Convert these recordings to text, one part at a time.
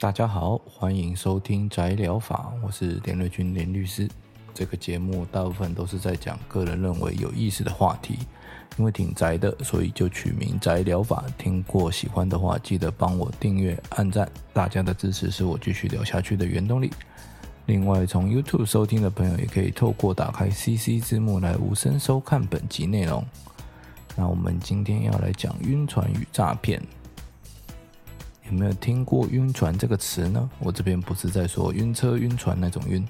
大家好，歡迎收聽宅聊法，我是連瑞君連律師。這個節目大部分都是在講個人認為有意思的話題，因為挺宅的，所以就取名宅聊法。聽過喜歡的話，記得幫我訂閱、按贊，大家的支持是我繼續聊下去的原動力。另外，從 YouTube 收聽的朋友也可以透過打開 CC 字幕來無聲收看本集內容。那我們今天要來講暈船與詐騙。有沒有聽過“暈船”這個詞呢？我這邊不是在說暈車、暈船那種暈，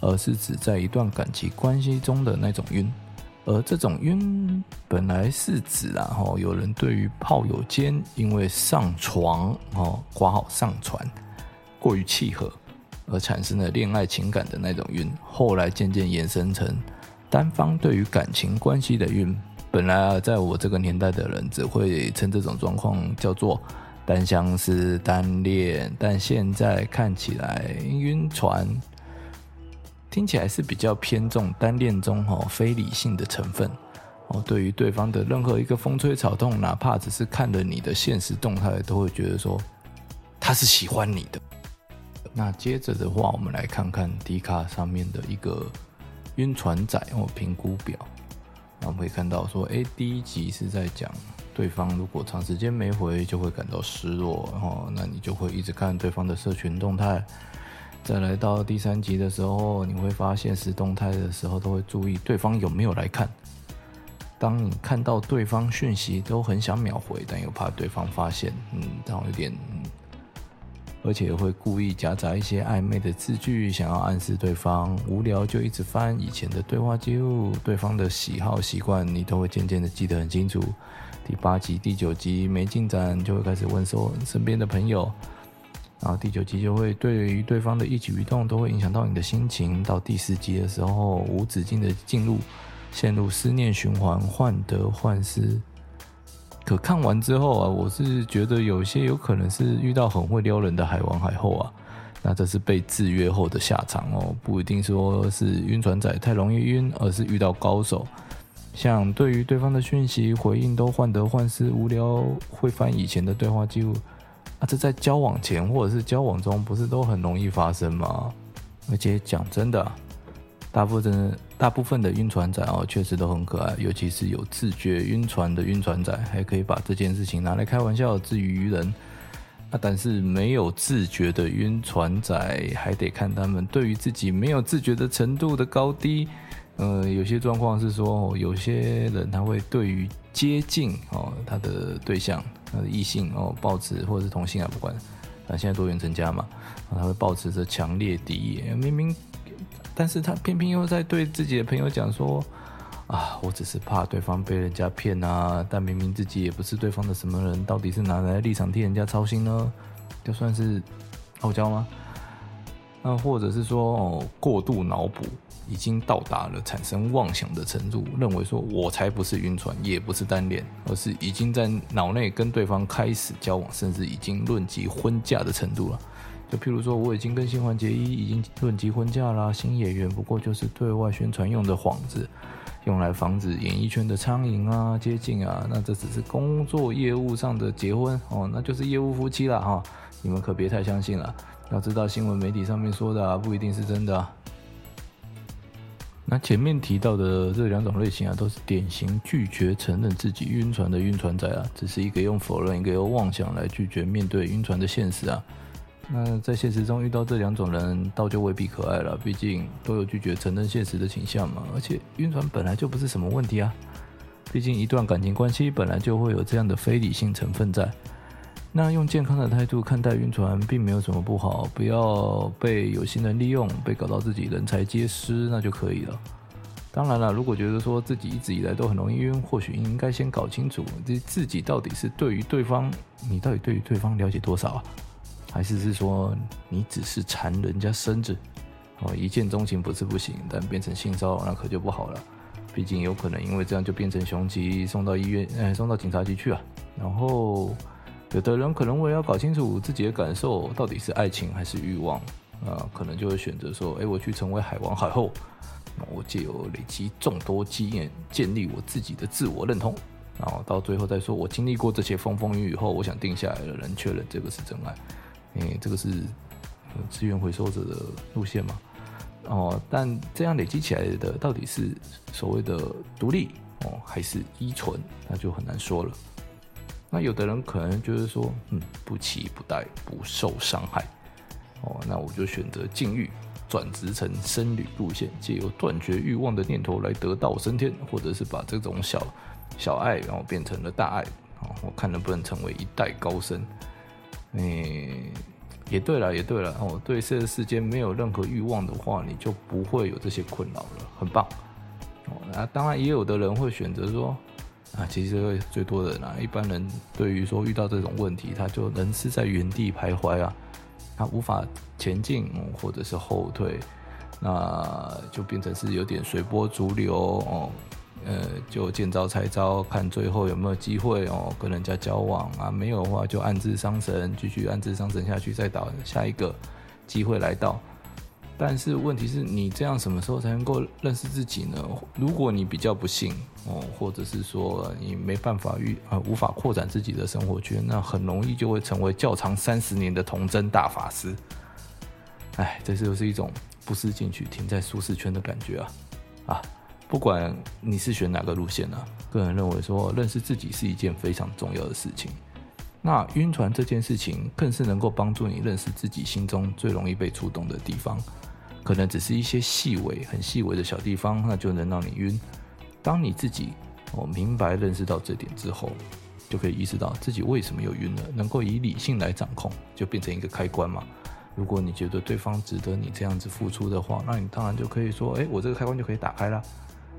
而是指在一段感情關係中的那種暈。而這種暈本來是指啊、哦，有人對於炮友間因為上床哦，剛好上船過於契合而產生了戀愛情感的那種暈，後來漸漸延伸成單方對於感情關係的暈。本來啊，在我這個年代的人只會稱這種狀況叫做。單相思、單戀，但現在看起來暈船，聽起來是比較偏重單戀中非理性的成分。哦，對於對方的任何一個風吹草動，哪怕只是看了你的限時動態，都會覺得說他是喜歡你的。那接着的話，我們來看看迪卡上面的一個暈船仔或評估表。那我們可以看到說，哎，第一集是在講。對方如果長時間沒回，就會感到失落，然後那你就會一直看對方的社群動態。再來到第三集的時候，你會發限動的時候都會注意對方有沒有來看。當你看到對方訊息，都很想秒回，但又怕對方發現，嗯，然後有點，嗯、而且會故意夾雜一些曖昧的字句，想要暗示對方。無聊就一直翻以前的對話記錄，對方的喜好習慣，你都會漸漸的記得很清楚。第八集、第九集沒進展，就會開始問說身邊的朋友，然後第九集就會對於對方的一舉一動都會影響到你的心情。到第十集的時候，無止境的進入，陷入思念循環，患得患失。可看完之後啊，我是覺得有些有可能是遇到很會撩人的海王海後啊，那這是被制約後的下場哦，不一定說是暈船仔太容易暈，而是遇到高手。像對於對方的訊息回應都患得患失，無聊會翻以前的對話記錄，啊，這在交往前或者是交往中不是都很容易發生嗎？而且講真的，大部分大部分的暈船仔哦，確實都很可愛，尤其是有自覺暈船的暈船仔，還可以把這件事情拿來開玩笑於，自娛娛人。啊，但是沒有自覺的暈船仔，還得看他們對於自己沒有自覺的程度的高低。呃，有些狀況是說，有些人他會對於接近哦他的對象，他的異性哦，抱持或者是同性啊，不管，啊，現在多元成家嘛，他會抱持着強烈敵意，明明，但是他偏偏又在對自己的朋友講說，啊，我只是怕對方被人家騙啊，但明明自己也不是對方的什麼人，到底是哪來的立場替人家操心呢？就算是傲嬌嗎？那或者是說，哦，過度腦補已經到達了產生妄想的程度，認為說我才不是暈船，也不是單戀，而是已經在腦內跟對方開始交往，甚至已經論及婚嫁的程度了。就譬如說，我已經跟新垣結衣已經論及婚嫁啦，新演員不過就是對外宣傳用的幌子，用來防止演藝圈的蒼蠅啊接近啊。那這只是工作業務上的結婚哦，那就是業務夫妻了哈、哦，你們可別太相信了。要知道新聞媒體上面說的啊，不一定是真的啊。那前面提到的這兩種類型啊，都是典型拒絕承認自己暈船的暈船仔啊，只是一個用否認，一個用妄想來拒絕面對暈船的現實啊。那在現實中遇到這兩種人，倒就未必可愛了，畢竟都有拒絕承認現實的傾向嘛。而且暈船本來就不是什麼問題啊，畢竟一段感情關係本來就會有這樣的非理性成分在。那用健康的態度看待暈船，並沒有什麼不好。不要被有心人利用，被搞到自己人財皆失，那就可以了。當然了，如果覺得說自己一直以來都很容易暈，或許應該先搞清楚自己到底是對於對方，你到底對於對方了解多少啊，還是是說你只是饞人家身子？哦，一見鍾情不是不行，但變成性騷擾那可就不好了。畢竟有可能因為這樣就變成雄急，送到醫院，嗯、哎，送到警察局去啊。然後。有的人可能為了要搞清楚自己的感受到底是愛情還是慾望，啊，可能就會選擇說，誒、欸，我去成為海王海後，那我借由累積眾多經驗，建立我自己的自我認同，然後到最後再說，我經歷過這些風風雨雨後，我想定下來的人確認這個是真愛，因為、欸、這個是資源回收者的路線嘛。哦，但這樣累積起來的到底是所謂的獨立哦，還是依存，那就很難說了。那有的人可能就是說，嗯，不期不待，不受傷害，哦，那我就選擇禁慾，轉職成僧侶路線，借由斷絕慾望的念頭來得道升天，或者是把這種小小愛，然後變成了大愛，哦，我看能不能成為一代高僧。嗯，也對了，也對了，哦，對這個世間沒有任何慾望的話，你就不會有這些困擾了，很棒。哦，那當然也有的人會選擇說。啊，其實最多的人、啊、一般人對於說遇到這種問題，他就能是在原地徘徊啊，他無法前進、嗯、或者是後退，那就變成是有點隨波逐流哦，呃，就見招拆招，看最後有沒有機會哦，跟人家交往啊，沒有的話就暗自傷神，繼續暗自傷神下去，再到下一個機會來到。但是問題是你這樣什麼時候才能夠認識自己呢？如果你比較不幸哦，或者是說你沒辦法遇啊、呃，無法擴展自己的生活圈，那很容易就會成為較長三十年的童真大法師。哎，這就是一種不思進取、停在舒適圈的感覺啊！啊，不管你是選哪個路線呢、啊，個人認為說認識自己是一件非常重要的事情。那暈船這件事情，更是能夠幫助你認識自己心中最容易被觸動的地方。可能只是一些細微、很細微的小地方，那就能讓你暈。當你自己哦明白認識到這點之後，就可以意識到自己為什麼又暈了，能夠以理性來掌控，就變成一個開關嘛。如果你覺得對方值得你這樣子付出的話，那你當然就可以說，哎、欸，我這個開關就可以打開啦。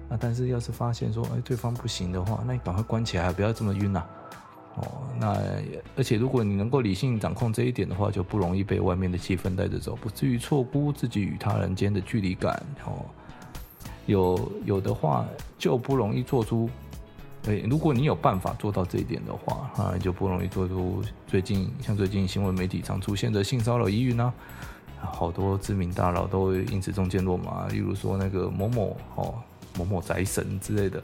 那但是要是發現說，哎、欸，對方不行的話，那你趕快關起來、啊，不要這麼暈啦、啊。哦、那而且，如果你能夠理性掌控這一點的話，就不容易被外面的氣氛帶着走，不至於錯估自己與他人間的距離感。哦，有有的話就不容易做出。誒、欸，如果你有辦法做到這一點的話，啊，就不容易做出最近像最近新聞媒體常出現的性騷擾疑雲啊，好多知名大佬都因此中箭落馬，例如說那個某某哦，某某宅神之類的。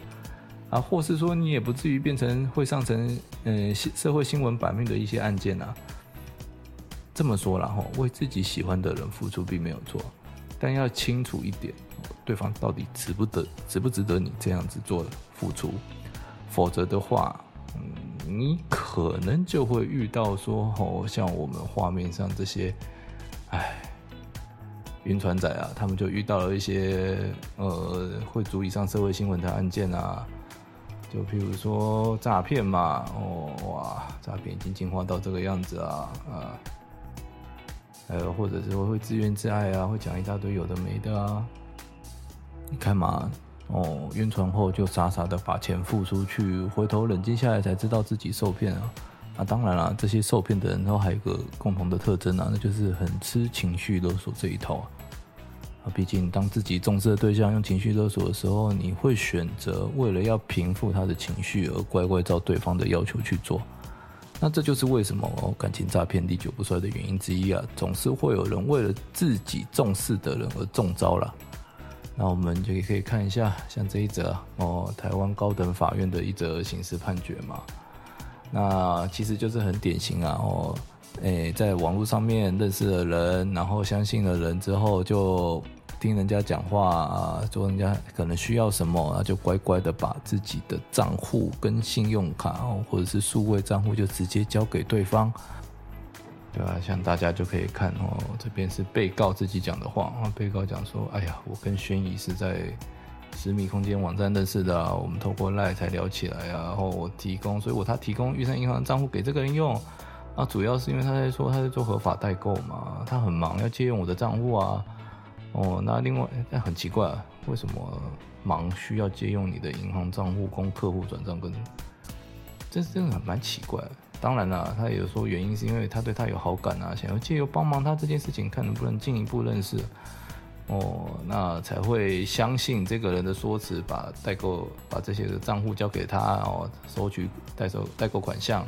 啊，或是說你也不至於變成會上成嗯新社會新聞版面的一些案件吶、啊。這麼說啦吼，為自己喜歡的人付出並沒有錯，但要清楚一點，對方到底值不得，值不值得你這樣子做付出？否則的話，嗯，你可能就會遇到說，哦，像我們畫面上這些，哎，暈船仔啊，他們就遇到了一些呃會足以上社會新聞的案件啊。就譬如說詐騙嘛，哦哇，詐騙已經進化到這個樣子啊，啊，還有或者是會自怨自艾啊，會講一大堆有的沒的啊，你看嘛，哦，暈船後就傻傻的把錢付出去，回頭冷靜下來才知道自己受騙啊，啊，當然了，這些受騙的人都還有一個共同的特徵啊，那就是很吃情緒勒索這一套啊。畢竟，當自己重視的對象用情緒勒索的時候，你會選擇為了要平復他的情緒而乖乖照對方的要求去做。那這就是為什麼，哦，感情詐騙歷久不衰的原因之一啊！總是會有人為了自己重視的人而中招了。那我們就也可以看一下，像這一則哦，台灣高等法院的一則刑事判決嘛。那其實就是很典型啊哦，哎，在網絡上面認識了人，然後相信了人之後就。聽人家講話、啊，說人家可能需要什麼，那就乖乖的把自己的賬戶跟信用卡、哦、或者是數位賬戶就直接交給對方，對吧、啊？像大家就可以看哦，這邊是被告自己講的話啊。被告講說：“哎呀，我跟軒儀是在十米空間網站認識的、啊、我們透過 LINE 才聊起來啊。然後我提供，所以我他提供玉山銀行賬戶給這個人用啊，那主要是因為他在說他在做合法代購嘛，他很忙要借用我的賬戶啊。”哦，那另外，欸、那很奇怪啊，為什麼忙需要借用你的銀行賬戶供客戶轉賬？跟這真的很蠻奇怪。當然了，他也有說原因是因為他對他有好感啊，想要借由幫忙他這件事情，看能不能進一步認識。哦，那才會相信這個人的說辭，把代購把這些的賬戶交給他，哦，收取代收代購款項，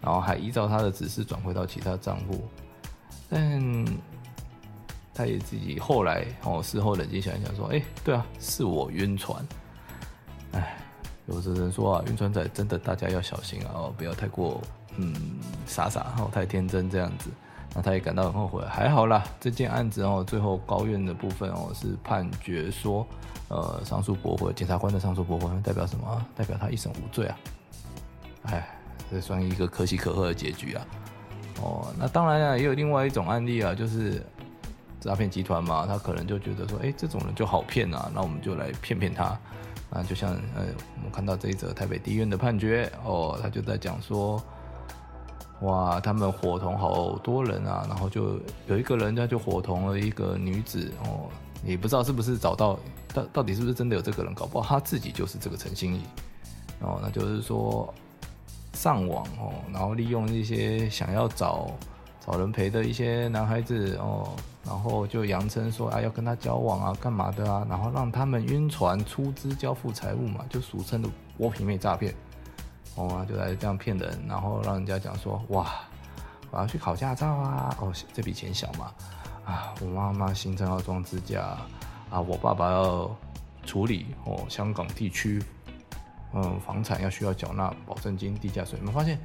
然後還依照他的指示轉回到其他賬戶。但他也自己後來哦、喔，事後冷靜想一想，說：“哎、欸，對啊，是我暈船。”哎，有的人說啊，暈船仔真的大家要小心啊，哦，不要太過嗯傻傻哦、喔，太天真這樣子。那他也感到很後悔。還好啦，這件案子哦、喔，最後高院的部分哦、喔，是判決說，呃，上訴駁回，檢察官的上訴駁回，代表什麼？代表他一審無罪啊。哎，這算一個可喜可賀的結局啊、喔。哦，那當然啊，也有另外一種案例啊，就是。詐騙集團嘛，他可能就覺得說，哎、欸，這種人就好騙啊。」那我們就來騙騙他。啊，就像呃、欸，我們看到這一則台北地院的判決哦，他就在講說，哇，他們夥同好多人啊，然後就有一個人家就夥同了一個女子，哦，也不知道是不是找到，到到底是不是真的有這個人，搞不好他自己就是這個陳心怡。哦，那就是說上網哦，然後利用一些想要找。找人陪的一些男孩子哦，然後就佯稱說，啊要跟他交往啊，幹嘛的啊，然後讓他們暈船，出資交付財物嘛，就俗稱的“剝皮妹”詐騙，哦就來這樣騙人，然後讓人家講說，哇，我要去考駕照啊，哦，這筆錢小嘛，啊，我媽媽行程要裝支架，啊，我爸爸要處理哦香港地區，嗯，房產要需要繳納保證金、地價稅，有沒有發現？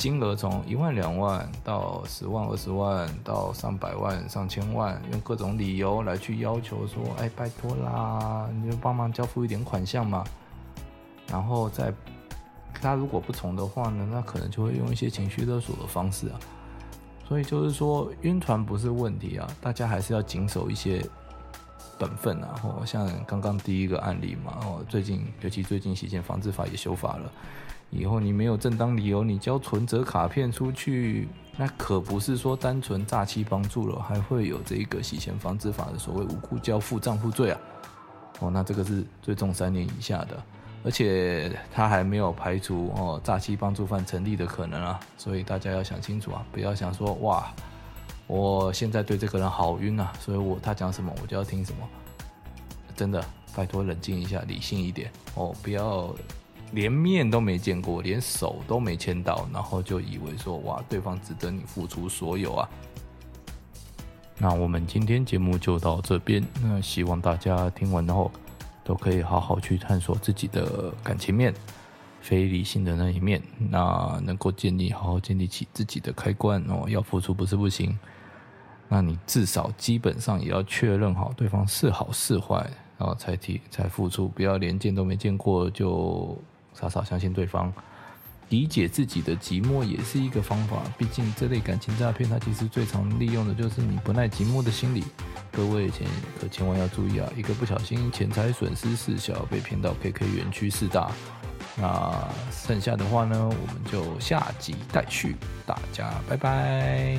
金額從一萬兩萬到十萬二十萬到上百萬上千萬，用各種理由來去要求說，哎，拜托啦，你就幫忙交付一點款項嘛。然後再，他如果不從的話呢，那可能就會用一些情緒勒索的方式啊。所以就是說，暈船不是問題啊，大家還是要謹守一些本分啊。哦，像剛剛第一個案例嘛，哦，最近尤其最近洗錢防治法也修法了。以後你沒有正當理由，你交存摺卡片出去，那可不是說單純詐欺幫助了，還會有這一個洗錢防制法的所謂無故交付賬戶罪啊。哦，那這個是最重三年以下的，而且他還沒有排除哦詐欺幫助犯成立的可能啊。所以大家要想清楚啊，不要想說哇，我現在對這個人好暈啊，所以我他講什麼我就要聽什麼。真的，拜託冷靜一下，理性一點哦，不要。連面都沒見過，連手都沒牽到，然後就以為說哇，對方值得你付出所有啊？那我們今天節目就到這邊。那希望大家聽完之後都可以好好去探索自己的感情面，非理性的那一面。那能夠建立，好好建立起自己的開關哦。要付出不是不行，那你至少基本上也要確認好對方是好是壞，然後才提才付出，不要連見都沒見過就傻傻相信對方，理解自己的寂寞也是一個方法。畢竟這類感情詐騙，它其實最常利用的就是你不耐寂寞的心理。各位可千萬要注意啊！一個不小心，錢財損失事小，被騙到 KK 園區事大。那剩下的話呢，我們就下集待續。大家拜拜。